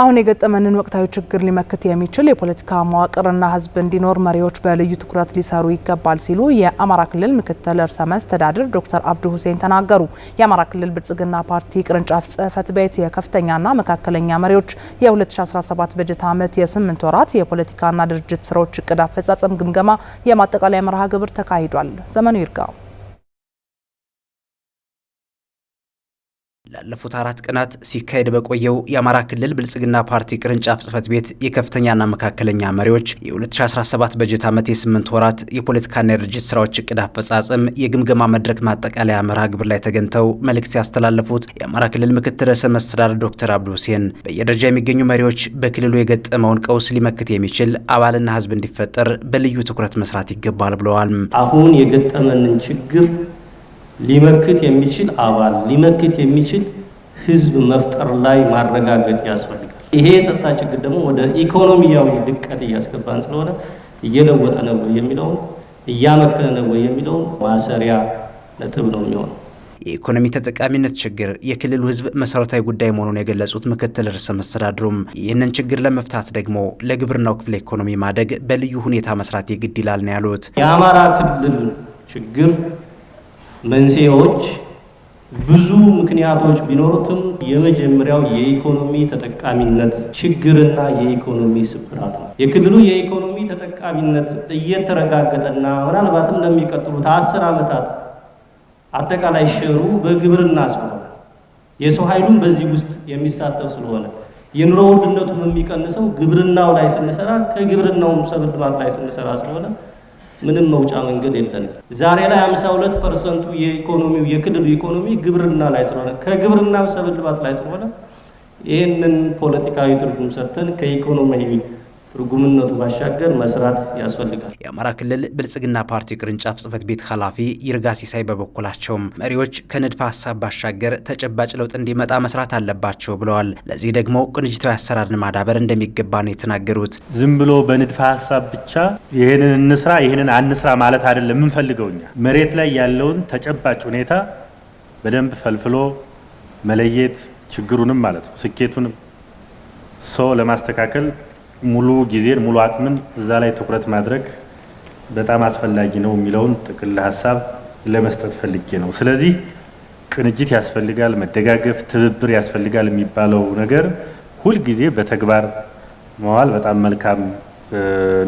አሁን የገጠመንን ወቅታዊ ችግር ሊመክት የሚችል የፖለቲካ መዋቅርና ህዝብ እንዲኖር መሪዎች በልዩ ትኩረት ሊሰሩ ይገባል ሲሉ የአማራ ክልል ምክትል ርዕሰ መስተዳድር ዶክተር አብዱ ሁሴን ተናገሩ። የአማራ ክልል ብልጽግና ፓርቲ ቅርንጫፍ ጽህፈት ቤት የከፍተኛና መካከለኛ መሪዎች የ2017 በጀት ዓመት የስምንት ወራት የፖለቲካና ድርጅት ስራዎች እቅድ አፈጻጸም ግምገማ የማጠቃለያ መርሃ ግብር ተካሂዷል። ዘመኑ ይርጋው ላለፉት አራት ቀናት ሲካሄድ በቆየው የአማራ ክልል ብልጽግና ፓርቲ ቅርንጫፍ ጽህፈት ቤት የከፍተኛና መካከለኛ መሪዎች የ2017 በጀት ዓመት የስምንት ወራት የፖለቲካና የድርጅት ስራዎች እቅድ አፈጻጸም የግምገማ መድረክ ማጠቃለያ መርሃ ግብር ላይ ተገኝተው መልእክት ያስተላለፉት የአማራ ክልል ምክትል ርዕሰ መስተዳድር ዶክተር አብዱ ሁሴን በየደረጃ የሚገኙ መሪዎች በክልሉ የገጠመውን ቀውስ ሊመክት የሚችል አባልና ህዝብ እንዲፈጠር በልዩ ትኩረት መስራት ይገባል ብለዋል። አሁን የገጠመንን ችግር ሊመክት የሚችል አባል ሊመክት የሚችል ህዝብ መፍጠር ላይ ማረጋገጥ ያስፈልጋል። ይሄ የጸጥታ ችግር ደግሞ ወደ ኢኮኖሚያዊ ድቀት እያስገባን ስለሆነ እየለወጠ ነው ወይ የሚለውን እያመከነ ነው ወይ የሚለውን ማሰሪያ ነጥብ ነው የሚሆነው። የኢኮኖሚ ተጠቃሚነት ችግር የክልሉ ህዝብ መሰረታዊ ጉዳይ መሆኑን የገለጹት ምክትል ርዕሰ መስተዳድሩም ይህንን ችግር ለመፍታት ደግሞ ለግብርናው ክፍለ ኢኮኖሚ ማደግ በልዩ ሁኔታ መስራት የግድ ይላል ነው ያሉት። የአማራ ክልል ችግር መንስኤዎች ብዙ ምክንያቶች ቢኖሩትም የመጀመሪያው የኢኮኖሚ ተጠቃሚነት ችግርና የኢኮኖሚ ስብራት ነው። የክልሉ የኢኮኖሚ ተጠቃሚነት እየተረጋገጠና ምናልባትም ለሚቀጥሉት አስር ዓመታት አጠቃላይ ሸሩ በግብርና ስለሆነ የሰው ኃይሉም በዚህ ውስጥ የሚሳተፍ ስለሆነ የኑሮ ውድነቱም የሚቀንሰው ግብርናው ላይ ስንሰራ ከግብርናውም ሰብል ልማት ላይ ስንሰራ ስለሆነ ምንም መውጫ መንገድ የለን። ዛሬ ላይ 52 ፐርሰንቱ የኢኮኖሚው የክልሉ ኢኮኖሚ ግብርና ላይ ስለሆነ ከግብርና ሰብል ልማት ላይ ስለሆነ ይህንን ፖለቲካዊ ትርጉም ሰጥተን ከኢኮኖሚ ትርጉምነቱ ባሻገር መስራት ያስፈልጋል። የአማራ ክልል ብልጽግና ፓርቲ ቅርንጫፍ ጽህፈት ቤት ኃላፊ ይርጋ ሲሳይ በበኩላቸውም መሪዎች ከንድፈ ሀሳብ ባሻገር ተጨባጭ ለውጥ እንዲመጣ መስራት አለባቸው ብለዋል። ለዚህ ደግሞ ቅንጅታዊ አሰራርን ማዳበር እንደሚገባ ነው የተናገሩት። ዝም ብሎ በንድፈ ሀሳብ ብቻ ይህንን እንስራ ይህንን አንስራ ማለት አይደለም የምንፈልገው እኛ መሬት ላይ ያለውን ተጨባጭ ሁኔታ በደንብ ፈልፍሎ መለየት ችግሩንም ማለት ነው ስኬቱንም ሰው ለማስተካከል ሙሉ ጊዜን ሙሉ አቅምን እዛ ላይ ትኩረት ማድረግ በጣም አስፈላጊ ነው የሚለውን ጥቅል ሀሳብ ለመስጠት ፈልጌ ነው። ስለዚህ ቅንጅት ያስፈልጋል፣ መደጋገፍ፣ ትብብር ያስፈልጋል የሚባለው ነገር ሁልጊዜ በተግባር መዋል በጣም መልካም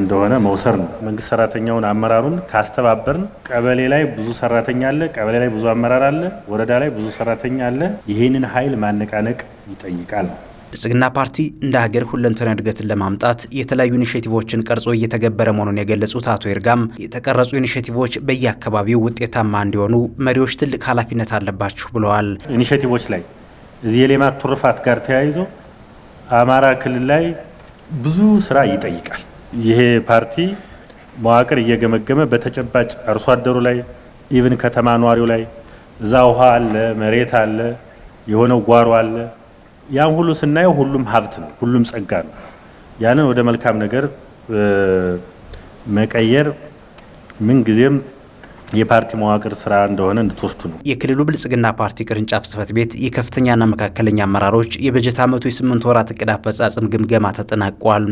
እንደሆነ መውሰር ነው። መንግስት ሰራተኛውን አመራሩን ካስተባበርን ቀበሌ ላይ ብዙ ሰራተኛ አለ፣ ቀበሌ ላይ ብዙ አመራር አለ፣ ወረዳ ላይ ብዙ ሰራተኛ አለ። ይህንን ኃይል ማነቃነቅ ይጠይቃል። ብልጽግና ፓርቲ እንደ ሀገር ሁለንተና እድገትን ለማምጣት የተለያዩ ኢኒሼቲቮችን ቀርጾ እየተገበረ መሆኑን የገለጹት አቶ ይርጋም የተቀረጹ ኢኒሼቲቮች በየአካባቢው ውጤታማ እንዲሆኑ መሪዎች ትልቅ ኃላፊነት አለባችሁ ብለዋል። ኢኒሼቲቮች ላይ እዚህ የሌማት ትሩፋት ጋር ተያይዞ አማራ ክልል ላይ ብዙ ስራ ይጠይቃል። ይሄ ፓርቲ መዋቅር እየገመገመ በተጨባጭ አርሶ አደሩ ላይ ኢቭን ከተማ ኗሪው ላይ እዛ ውሃ አለ፣ መሬት አለ፣ የሆነው ጓሮ አለ ያን ሁሉ ስናየው ሁሉም ሀብት ነው፣ ሁሉም ጸጋ ነው። ያንን ወደ መልካም ነገር መቀየር ምን ጊዜም የፓርቲ መዋቅር ስራ እንደሆነ እንድትወስዱ ነው። የክልሉ ብልጽግና ፓርቲ ቅርንጫፍ ጽህፈት ቤት የከፍተኛና መካከለኛ አመራሮች የበጀት ዓመቱ የስምንት ወራት እቅድ አፈጻጽም ግምገማ ተጠናቋል።